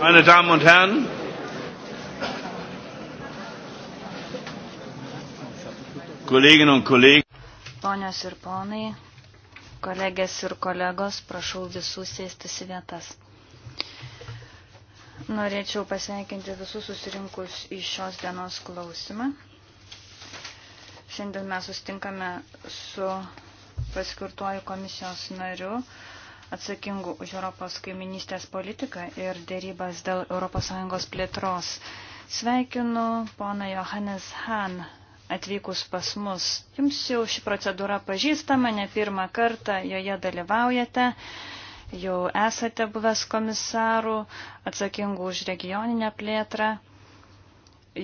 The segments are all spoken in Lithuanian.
Meine Damen und Herren, Kolleginnen und Kollegen, Ponios ir ponai, kolegės ir kolegos, prašau visų sėstis į vietas. Norėčiau pasveikinti visus susirinkus į šios dienos klausimą. Šiandien mes sustinkame su paskirtuoju komisijos nariu atsakingu už Europos kaiminystės politiką ir dėrybas dėl ES plėtros. Sveikinu poną Johannes Han atvykus pas mus. Jums jau ši procedūra pažįstama, ne pirmą kartą joje dalyvaujate, jau esate buvęs komisarų atsakingų už regioninę plėtrą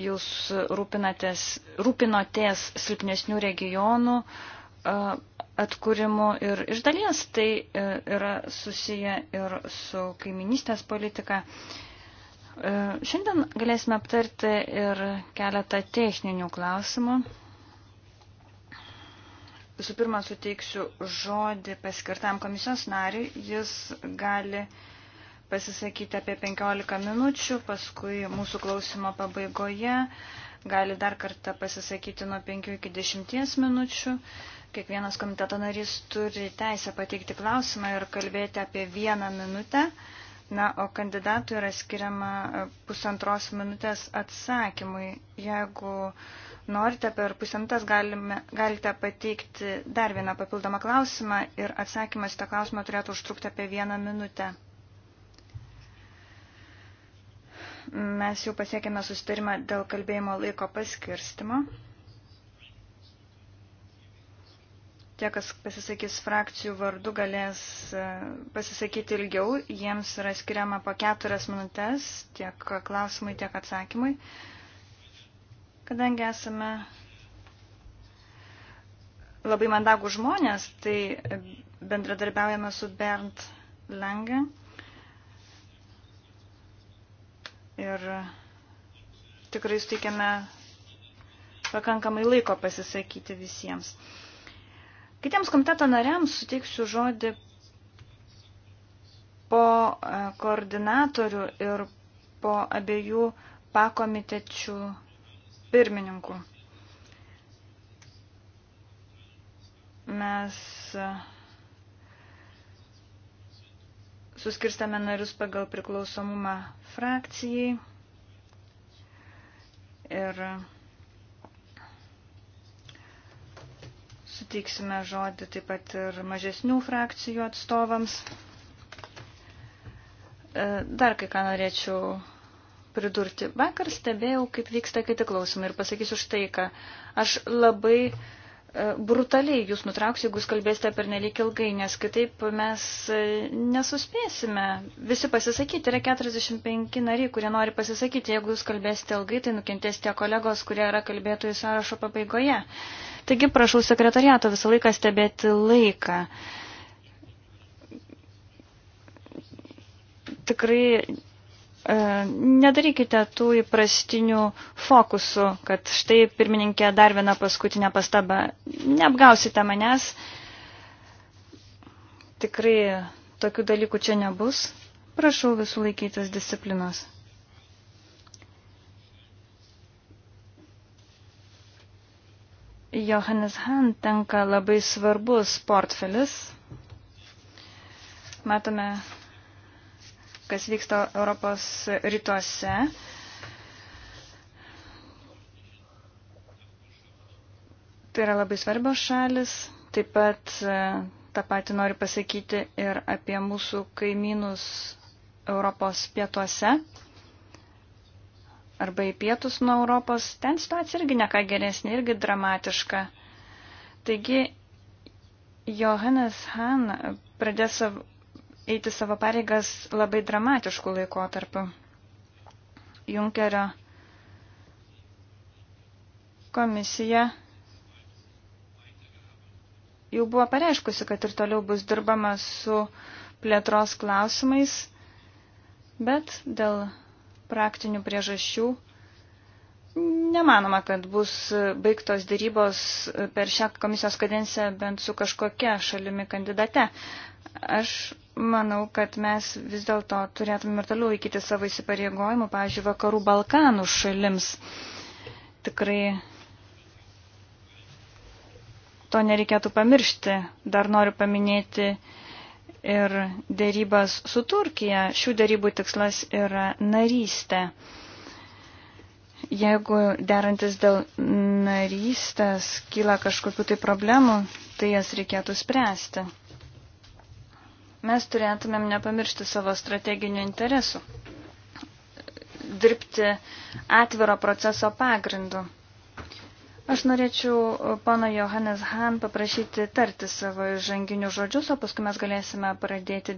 jūs rūpinatės, rūpinotės silpnesnių regionų atkūrimu ir iš dalies tai e, yra susiję ir su kaiminystės politika. E, šiandien galėsime aptarti ir keletą techninių klausimų. Visų pirma, suteiksiu žodį paskirtam komisijos nariui. Jis gali pasisakyti apie 15 minučių, paskui mūsų klausimo pabaigoje uh, gali dar kartą pasisakyti nuo 5 iki 10 minučių. Kiekvienas komiteto narys turi teisę pateikti klausimą ir kalbėti apie vieną minutę. Na, o kandidatui yra skiriama e, pusantros minutės atsakymui. Jeigu norite, per pusantras galite pateikti dar vieną papildomą klausimą ir atsakymas į tą klausimą turėtų užtrukti apie vieną minutę. Mes jau pasiekėme susitarimą dėl kalbėjimo laiko paskirstimo. Tie, kas pasisakys frakcijų vardu, galės e, pasisakyti ilgiau. Jiems yra skiriama po keturias minutės tiek klausimui, tiek atsakymui. Kadangi esame labai mandagų žmonės, tai bendradarbiaujame su Bernd Lange. ir tikrai suteikiame pakankamai laiko pasisakyti visiems. Kitiems komiteto nariams suteiksiu žodį po e, koordinatorių ir po abiejų pakomitečių pirmininkų. Mes e, suskirstame narius pagal priklausomumą frakcijai. Ir suteiksime žodį taip pat ir mažesnių frakcijų atstovams. E, dar kai ką norėčiau pridurti. Vakar stebėjau, kaip vyksta kiti klausimai ir pasakysiu štai ką. Aš labai uh, E, brutaliai jūs nutrauksiu, jeigu jūs kalbėsite per nelik ilgai, nes kitaip mes e, nesuspėsime visi pasisakyti. Yra 45 nariai, kurie nori pasisakyti. Jeigu jūs kalbėsite ilgai, tai nukentės tie kolegos, kurie yra kalbėtojų sąrašo pabaigoje. Taigi prašau sekretariato visą laiką stebėti laiką. Tikrai E, nedarykite tų įprastinių fokusų, kad štai pirmininkė dar viena paskutinė pastaba. Neapgausite manęs. Tikrai tokių dalykų čia nebus. Prašau visų laikytis disciplinos. Johannes Han tenka labai svarbus portfelis. Matome, kas vyksta Europos rytuose. Tai yra labai svarbios šalis. Taip pat e, tą patį noriu pasakyti ir apie mūsų kaimynus Europos pietuose arba į pietus nuo Europos. Ten situacija irgi neką geresnė, irgi dramatiška. Taigi Johannes Han pradės savo eiti savo pareigas labai dramatiškų laikotarpių. Junkerio komisija jau buvo pareiškusi, kad ir toliau bus dirbama su plėtros klausimais, bet dėl praktinių priežasčių nemanoma, kad bus baigtos dėrybos per šią komisijos kadenciją bent su kažkokia šalimi kandidate. Aš manau, kad mes vis dėlto turėtume ir toliau laikyti savo įsipareigojimų, pavyzdžiui, vakarų Balkanų šalims. Tikrai to nereikėtų pamiršti. Dar noriu paminėti ir dėrybas su Turkija. Šių dėrybų tikslas yra narystė. Jeigu derantis dėl narystės kyla kažkokiu tai problemu, tai jas reikėtų spręsti. Mes turėtumėm nepamiršti savo strateginių interesų, dirbti atviro proceso pagrindu. Aš norėčiau uh, pono Johannes Han paprašyti tarti savo žanginių žodžius, o paskui mes galėsime pradėti